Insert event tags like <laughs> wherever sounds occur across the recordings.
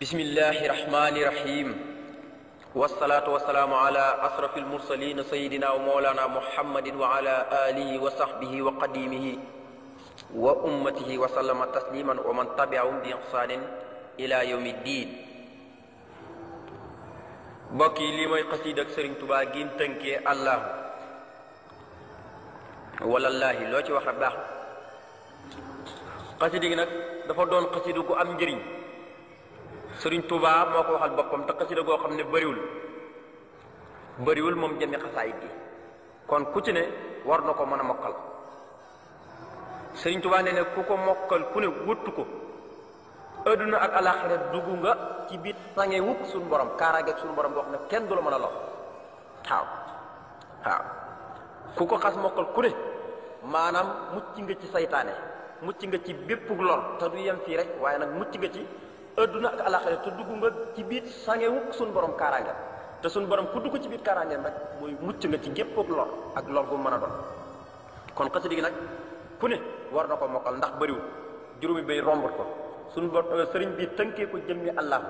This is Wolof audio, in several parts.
بسم الله الرحمن الرحيم والصلاة والسلام على أشرف المرسلين سيدنا ومولانا محمد وعلى آله وصحبه وقديمه وأمته وسلم تسليما ومن تبعهم بإحسان إلى يوم الدين بكي لما قصيدك سرين تبا جيم تنكي الله والله لو تي wax bax قصيدك nak dafa doon قصيدك am sëriñ Touba moo ko waxal boppam te xasida goo xam ne bëriwul bariwul moom jëmmi xasaayit gi kon ku ci ne war na ko mën a mokkal sëriñ Touba nee ne ku ko mokkal ku ne wëttu ko na ak alaxira dugg nga ci biir sange wukk suñu borom kaaraangeeg suñu borom boo xam ne kenn du la mën a lox waaw waaw ku ko xas mokkal ku ne maanaam mucc nga ci seytaane mucc nga ci bépp lor te du yem fii rek waaye nag mucc nga ci adduna ak alaxira te dugg nga ci biir sangewu suñ borom kaaraange te suñ borom ku ko ci biir kaaraangeem rek mooy mucc nga ci gépp ak lor ak lor gu mën a doon kon xasida gi nag ku ne war na ko mokkal ndax bëriwul juróomi bay rombut ko suñ bo euh, sëriñ bi tënkee ko jëmmi allah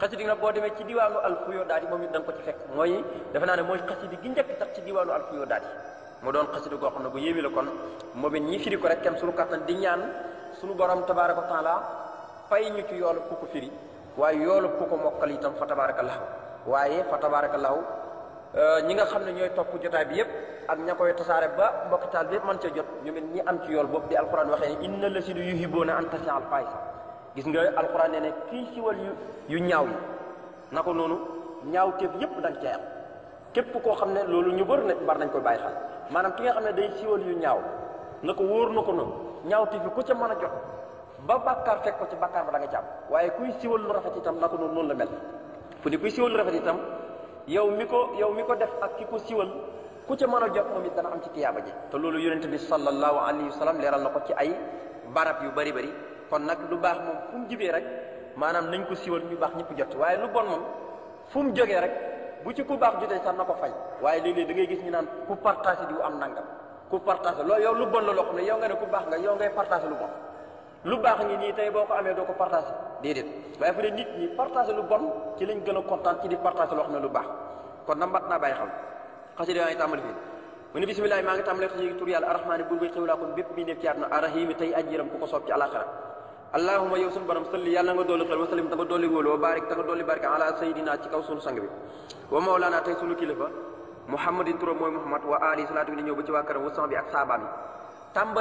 xasida gi nag boo demee ci diwaanu alfuyo daal yi moom it ko ci fekk mooy defe naa ne mooy xasida gi njëkk tax ci diwaanu alfuyo daal yi mu doon xasida goo xam ne bu yéemi la kon moom it ñi firi ko rek kenn suñu kattan di ñaan suñu borom ko wa laa fay ñu ci yoolu ku ko firi waaye yoolu ku ko mokkal itam fa tabarakallahu waaye fa tabarakallahu euh, ñi nga xam ne ñooy topp jotaay bi yëpp ak ña koy tasaare ba mbokki taal bi yëpp mën ca jot ñu mel ñi am ci yool boobu di alquran waxee ne inna la si du yuhiboona an tasi al faysa gis nga alquran nee ne kii siwal yu yu ñaaw yi na ko noonu ñaaw téef yëpp dañ cee am képp koo xam ne loolu ñu bër ne bar nañ koy bàyyi xel maanaam ki nga xam ne day siwal yu ñaaw na ko wóor na ko noonu ñaaw téef yi ku ca mën a jot ba bàkkaar fekk ko ci bàkkaar ba da nga jam waye kuy siwal lu rafet itam naka non la mel fu ni kuy siwal lu rafet itam yow mi ko yow mi def ak kiko siwol siwal ku ci mën jox momit dana am ci tiyaaba ji te lolu yonent bi sallallahu alaihi wasallam leral nako ci ay barab yu bari bari kon nak lu bax mom fum jibe rek manam nañ ko siwal ñu bax ñepp jot waye lu bon mom fum joge rek bu ci ku bax jote sa nako fay waye leele da ngay gis ñu naan ku partage di am nangam ku partage lo yow lu bon la lo yow nga ne ku bax nga yow ngay partage lu bon lu bax ni ni tay boko amé do ko partager dedet way fa ne nit ni partager lu bon ci liñ gëna contant ci di partager lo xamné lu bax kon na mat naa bàyyi xel xasida yaa ngi tàmbali fii mu ne bisimilah maa ngi tàmbale tur yalla arrahman buur bay xewlaa kon bépp mi nekk ci arrahim tay ajiram ku ko ci alaxira allahumma yow sun salli yalla nga dolli xel wa salim ta nga dolli barik ta nga dolli ala sayidina ci kaw sunu sang bi wa maulana tay sunu kilifa muhammadin turu moy muhammad wa ali salatu bi ñew ba ci wa karam wa sang bi ak saabaam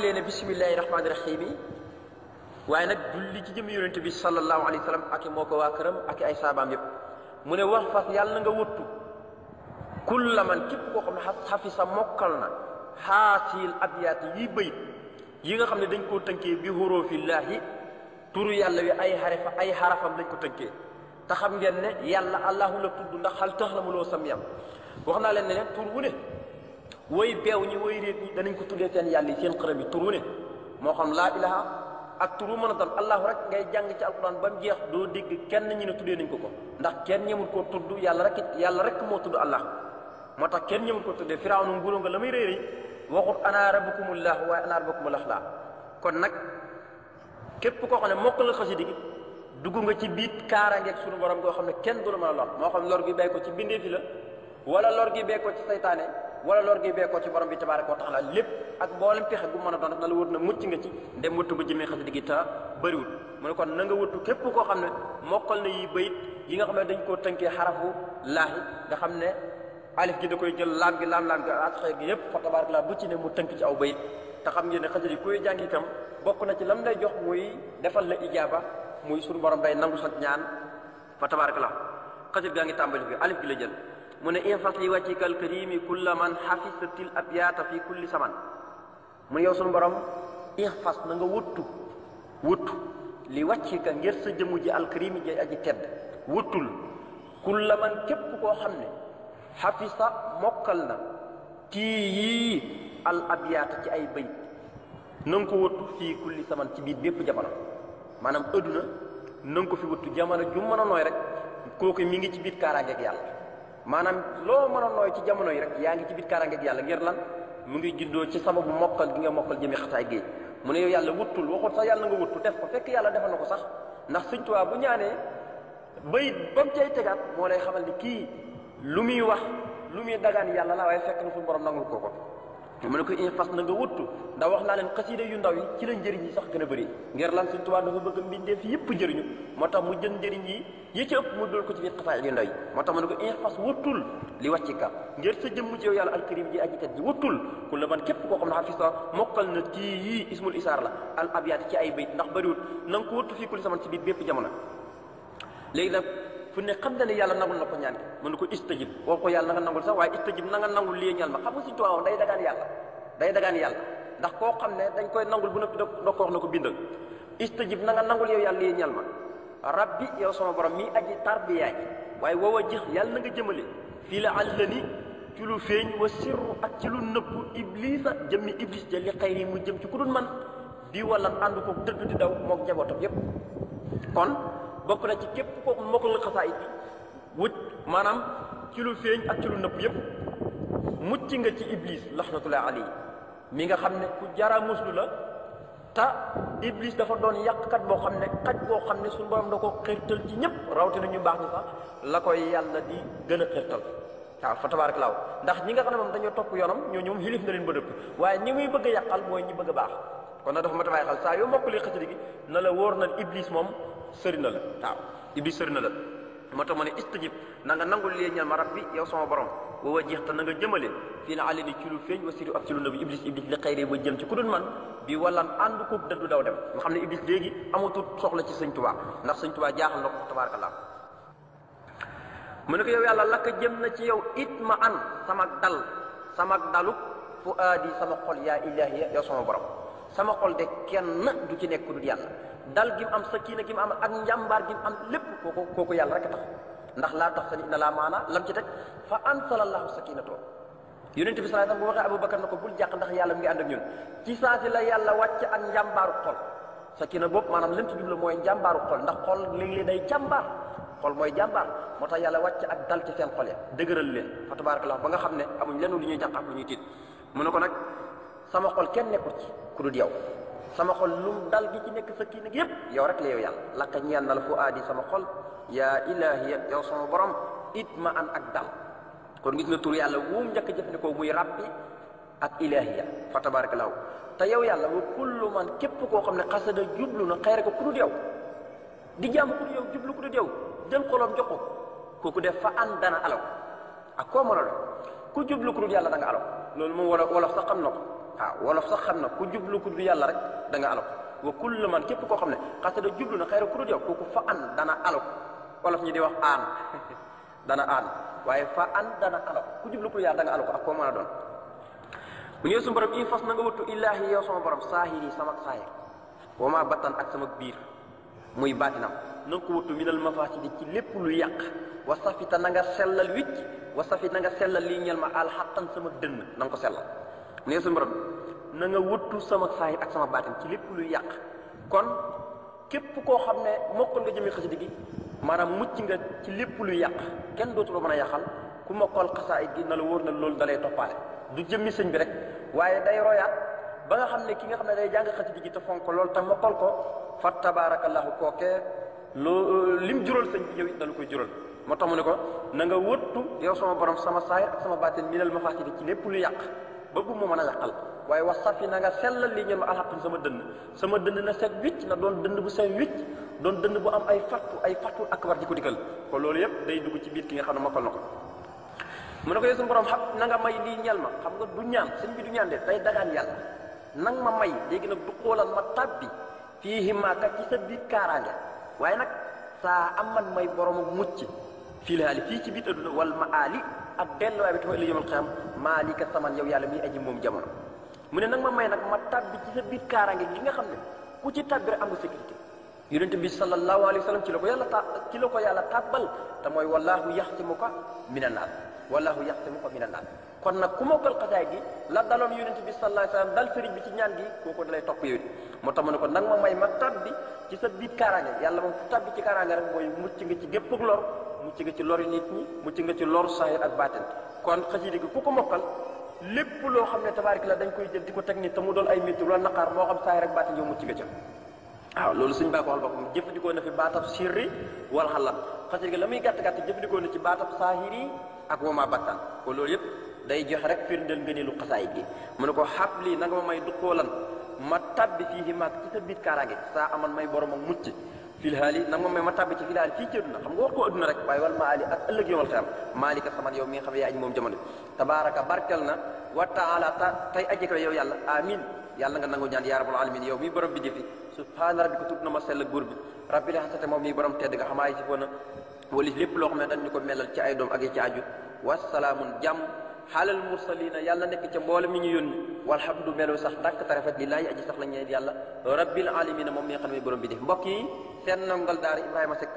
yi ne bisimilahi waaye nag julli ci jëm yonent bi sallallahu alayhi wasallam ak moko wa kërëm ak ay saabaam yépp mu ne wax fas yàlla nga wëttu kulla man képp koo xam ne xafisa mokkal na xaasil abyaati yi bayit yi nga xam ne dañ koo tënkee bi hurufillahi turu yàlla wi ay xarifa ay xarafam dañ ko tënkee te xam ngeen ne yàlla allahu la tudd ndax xal tax la mu sam yam wax naa leen ne tur wu ne way beew ñi way réet ñi danañ ko tuddee seen yàlla yi seen xërëm yi tur wu ne moo xam laa ilaha ak turu mën dal allah allahu rek ngay jang ci alquran bam jeex do dégg kenn ñu ne tuddee nañ ko ko ndax kenn ñemul ko tuddu yalla rek yalla rek mo tuddu allah Mata kenn ñemul ko tuddé firaaw nguro nga la muy waxut ana rabbukumullah wa ana rabbukumullah akhla kon nak kep ko xone ne mokkal xasidi gi duggu nga ci biit kaaraangeeg suñu borom go xamne kenn du la lor mo xam lor gi bay ko ci bindé fi la wala lor gi bay ko ci saytane wala lor gi koo ci borom bi tabaaraka wa la lépp ak mboolem pexe gu mën a doon na la wër na mucc nga ci ndem wëttu ba jëmee xasida gi ta bëriwul mu ne kon na nga wëttu képp koo xam ne mokkal na yi bayit yi nga xam ne dañ koo tënkee xarafu laahi nga xam ne alif gi da koy jël laam gi laam laam gi ak xëy yëpp fa tabaaraka laa bu ci ne mu tënk ci aw bayit te xam ngeen ne xasida yi kuy jàng itam bokk na ci lam lay jox muy defal la ijaaba muy suñu borom bay nangu sa ñaan fa tabaaraka laa xasida gaa ngi tàmbali bi alif gi la jël mu ne infas li wajhika alkarimi kulla man xafistil abyaata fi kulli saman mu ne yow sunu borom infas na nga wuttu wutu li wajhika ngir sa jëmu ji alkarimi ji aji tedd wuttul kulla man képp koo xam ne xafisa mokkal na tii yii al abyaata ci ay bayt na nga ko wëttu fii kulli saman ci biir bépp jamono maanaam adduna na nga ko fi wutu jamono ju mën a nooy rek kooku mu ngi ci biir kaaraangeeg yàlla maanaam loo mën a nooy ci jamono yi rek yaa ngi ci biir kaaraange ak yàlla ngir lan mu ngi juddoo ci sababu mokkal gi nga mokkal jëmee xataay géej mu ne yow yàlla wuttul waxut sax yàlla nga wuttu def ko fekk yàlla defal na ko sax ndax Sëñ Tuubaa bu ñaanee bayit ba mu cay tegaat moo lay xamal ni kii lu muy wax lu muy dagaan yàlla la waaye fekk na suñu borom nangul ko mu ne ko in fas na ndax wax naa leen xasiida yu ndaw yi ci la njëriñ yi sax gën a bëri ngir lan suñ tubaab dafa bëgg mbindeef yëpp jëriñu moo tax mu jën njëriñ yi yi ci ëpp mu moo tax mu ne ko in fas wuttul li wàccika ngir sa jëmm ci yàlla alkarim ji aji kat ji wuttul ku la man képp koo xam ne xafisa mokkal na tii yii ismul isaar la al abiyaat ci ay bayt ndax bëriwut na nga ko wuttu fii kuli saman ci biir bépp jamono léegi nag fu ne xam na ne yàlla nangul na ko ñaan gi ne ko istajib woo ko yàlla nga nangul sax waaye istajib na nga nangul lii ñaan ma xam nga si tuwaaw day dagaan yàlla day dagaan yàlla ndax koo xam ne dañ koy nangul bu noppi da ko wax na ko bindal istajib na nga nangul yow yàlla lii ñaan ma rabbi yow sama borom mi aji tarbiyaay ji waaye woowa jix yàlla nga jëmale fi la àllani ci lu feeñ wa sirru ak ci lu nëbbu iblisa jëmmi iblis ja li xeyri mu jëm ci ku dul man di wala ànd ko dëgg di daw moog jabootam yépp kon bokk na ci képp kooku mokkal xasaayit bi wut maanaam ci lu feeñ ak ci lu nëpp yëpp mucc nga ci iblis laxnatullahi alayhi mi nga xam ne ku jara muslu la ta iblis dafa doon kat boo xam ne xaj boo xam ne suñu borom da ko xirtal ci ñëpp rawatina ñu baax ni sax la koy yàlla di gën a xirtal waaw fa tabarak laaw ndax ñi nga xam ne moom dañoo topp yoonam ñoo ñoom xilif na leen ba dëpp waaye ñi muy bëgg a yàqal mooy ñi bëgg a baax kon nag dafa ma tabaay xal saa yoo mbokk na la moom sëri na la waaw iblis sëri na la moo tax ma ne istajib na nga nangul lee ñaan ma rabbi yow sama borom wa wajjih te na nga jëmale fii na àlli ni ci lu feeñ wa sirru ak ci lu nëbb iblis iblis li xëy ba jëm ci ku dul man bi walan ànd ko dëddu daw dem nga xam ne iblis léegi amatul soxla ci sëñ Tuubaa ndax sëñ Tuubaa jaaxal na ko tabaarakallaah mu ne ko yow yàlla lakk jëm na ci yow it ma an sama dal sama dalu fu aadi sama xol yaa ilaahi yow sama borom sama xol de kenn ci nekk ku dal gi mu am sakina gi mu am ak njàmbaar gi mu am lépp kooku kooku yàlla rek a tax ndax laa tax sani inna laa maana lam ci teg fa ansalallahu sakinatoo yonent bi sallallahu alayhi wasallam bu waxee abubakar na ko bul jàq ndax yàlla mu ngi ànd ak ñun ci saasi la yàlla wàcc ak njàmbaaru xol sakina boobu maanaam lim ci jublu mooy njàmbaaru xol ndax xol léeg-léeg day jàmbaar xol mooy jàmbaar moo tax yàlla wàcc ak dal ci seen xol ya dëgëral leen fa tabarakallah ba nga xam ne amuñ lenn lu ñuy jàq ak lu ñuy tiit mu ne ko nag sama xol kenn nekkul ci ku yow sama xol lumdal dal gi ci ya sa ki Lakanyan yeb yow rek la yow na la sama xol ya ilahi ya sama borom itmaan an ak dal kon gis na tur rapi, wuum ne ko muy rabbi ak ilahiya fa tabarakallahu ta yow yalla wu kullu man kep ko xamne qasada jublu na xere ko ku dul yow di jam ku dul yow jublu ku dul yow jël xolam jox ko kooku def fa andana alaw ak ko mo a ku jublu ku dul yalla da nga alaw lolou mo wala wala sa xam nako ah wolof sax xamna ku jublu ku du yalla rek da nga alok wa kullu man kep ko xamne ne xasada jublu na khayru kurut yow ya, kooku fa an dana alok wolof ñi di wax an <laughs> dana aan waye fa an dana alok ku jublu ku yalla da nga alok ak ko ma doon bu ñu sun borom yi fas na nga wuttu illaahi yow sama borom sahiri sama saahir wa ma batan ak sama bir muy baatinam na ko wuttu minal mafasidi ci lepp lu yaq wa safita na nga selal wicc wa safita na nga selal li ñal ma alxaqan sama deun na nga ko ne sa borom na nga wëttu sama saahir ak sama baatin ci lépp luy yàq kon képp koo xam ne mokkal nga jëmee xasida gi maanaam mucc nga ci lépp luy yàq kenn dootu la mën a yàqal ku mokkal xasaayit gi na la wóor na loolu dalay toppaale du jëmmi sëñ bi rek waaye day royaat ba nga xam ne ki nga xam ne day jàng xasida gi te fonk loolu te mokkal ko fa tabaarakallaahu kookee loo lim jural sëñ bi yow it dala koy jural moo tax mu ne ko na nga wëttu yow sama borom sama saahir ak sama ma minal maxaasidi ci lépp lu yàq ba bu mu mën a yàqal waaye na nga selal li ñëlu alhaq sama dënd sama dënd na set wicc na doon dënd bu set wicc doon dënd bu am ay fatu ay fatu akbar war di ko dikkal kon loolu yépp day dugg ci biir ki nga xam ne mokkal na ko mu ne ko yeesu borom xam na nga may lii ñal ma xam nga du ñaan sëñ bi du ñaan de day dagaan yàlla nang ma may léegi nag du xoolal ma tabbi fii ka ci sa biir kaaraange waaye nag saa amman may borom mucc fii la haali fii ci biir adduna wal maali ak delluwaay bi tafa ëllëg yawmal qiyaam maalika saman yow yàlla mi aji moom jamono mu ne nag ma may nag ma tabbi ci sa biir kaaraange gi nga xam ne ku ci tabbi rek am nga sécurité yonente bi sallallahu wa sallam ci la ko yàlla ta ci la ko yàlla tàbbal te mooy wallahu yaxsimuka mina naas wallahu yaxsimuka mina naas kon nag ku mokkal xasaay gi la daloon yonente bi sallallahu alayhi wa sallam dal bi ci ñaan gi kooku dalay topp yow it moo tax ne ko nag ma may ma tabbi ci sa biir kaaraange yàlla moom fu tabbi ci kaaraange rek mooy mucc nga ci gépp lor mucc nga ci lori nit ñi mucc nga ci lor sahir ak batin kon xasida gi ku ko mokal lepp lo xamne tabarak tabarik la dañ koy jël diko tek ni te mu ay métti lo naqar mo xam sahir ak batin yow mucc nga ci waaw loolu suñ baa ko waxal na fi baatab sirri wal xalam xasida lamuy gatt gatt gàtt na ci sahiri ak wama batan ko loolu yep day jox rek firndel ngëneelu xasaay gi mu ne ko habli lii na nga ma may ma tabbi fihi ma ci tabbit karage sa saa may borom ak mucc fil haali nag moom may ma tàbbi ci fil haali fii ci adduna xam nga wax ko adduna rek waaye wal maali ak ëllëg yomal xiyam maalika saman yow mi nga xam ne yaa aji moom jamono tabaraka barkel na wa taala ta tey aji ko yow yàlla amin yàlla nga nangu ñaan yaa rabbal alamin yow mi borom bi jëfi subhaana rabbika tudd na ma sell góor bi rabbil hasate moom mi borom tedd nga xamaay si foona wala lépp loo xam ne dañu ko melal ci ay doom ak ci aju wasalaamun jàmm xaalal mursalina yàlla nekk ca mboolem mi ñu yónni walhamdu melu sax tàkk te rafet lillaahi aji sax lañu yàlla rabbil alamina moom mi nga xam ne borom bi def mbokk yi seen ndongal daara Ibrahima Seck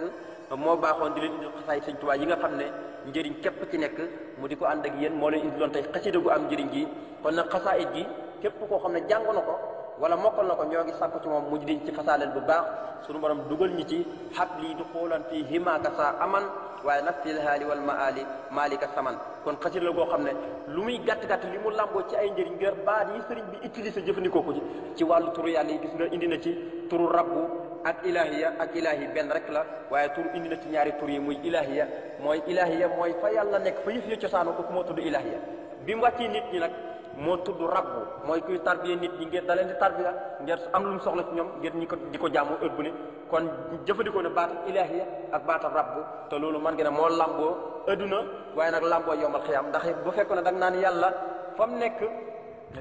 moo baaxoon di leen xasaay sëñ Tuubaa yi nga xam ne njëriñ képp ci nekk mu di ko ànd ak yéen moo leen indiloon tey xasida gu am njëriñ gi kon nag it gi képp koo xam ne jàng na ko wala mokkal na ko ñoo ngi sàkku ci moom mu diñ ci fasaaleel bu baax suñu borom dugal ñi ci xab lii du xoolan fii himaaka saa aman waaye nag fil haali wal maali maalika saman kon xasida la goo xam ne lu muy gàtt-gàtt li mu làmboo ci ay njëriñ ngir baat yi sëriñ bi utilisé jëfandikoo ko ci ci wàllu turu yàlla yi gis nga indi na ci turu rabbu ak ilahiya ak ilahi benn rek la waaye tur indi na ci ñaari tur yi muy ilahiya mooy ilahiya mooy fa yàlla nekk fa yëf ya cosaanu ko ku moo tudd ilahiya bi mu wàccee nit ñi nag moo tudd rabbu mooy kuy tarbiya nit ñi ngeen da leen di tarbiya ngeen am lu mu soxla ci ñoom ngeen ñi ko di ko jaamu heure bu kon jëfandikoo ne baatal ilaahiya ak baatal rabbu te loolu man ngeen ne moo làmboo adduna waaye nag làmboo yombal xiyaam ndax bu fekkoon ne da nga naan yàlla fa mu nekk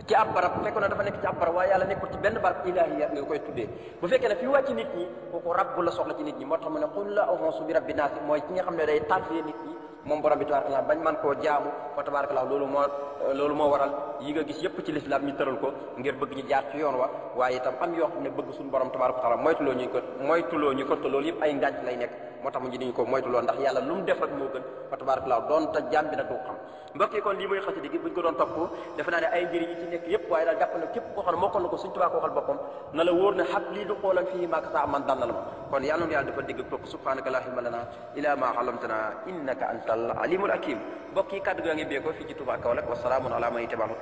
ci ab barab bu fekkoon ne dafa nekk ci ab waaye yàlla nekkul ci benn barab ilaahiya nga koy tuddee bu fekkee ne fi wàcc nit ñi kooku rabbu la soxla ci nit ñi moo tax mu ne qul la a'uuzu bi rabbi mooy ki nga xam ne day tarbiya nit ñi moom borom bi tabaraka bañ man koo jaamu fa tabaraka loolu moo loolu moo waral yi nga gis yépp ci lislaam ñu tëral ko ngir bëgg ñu jaar ci yoon wa waaye itam am yoo ne bëgg suñu borom tabaraka taala mooytuloo ñu ko mooytuloo ñu ko loolu yëpp ay ngànc lay nekk moo tax mu ji niñu ko moytuloo ndax yàlla lu mu moo gën fa tabarakallah doon du xam mbokk kon lii mooy xasida gi buñ ko doon topp dafa naa ay njëriñ ci nekk yëpp waaye daal jàpp na képp koo xam ne mokkal na ko suñ tubaa ko waxal boppam ne xab lii xoolam fii maaka man dànnal ma kon yàlla nu yàlla dafa digg topp subhanaka la ilma lana ila ma innaka antal alimul hakim mbokk yi gaa ngi bee ko fii ci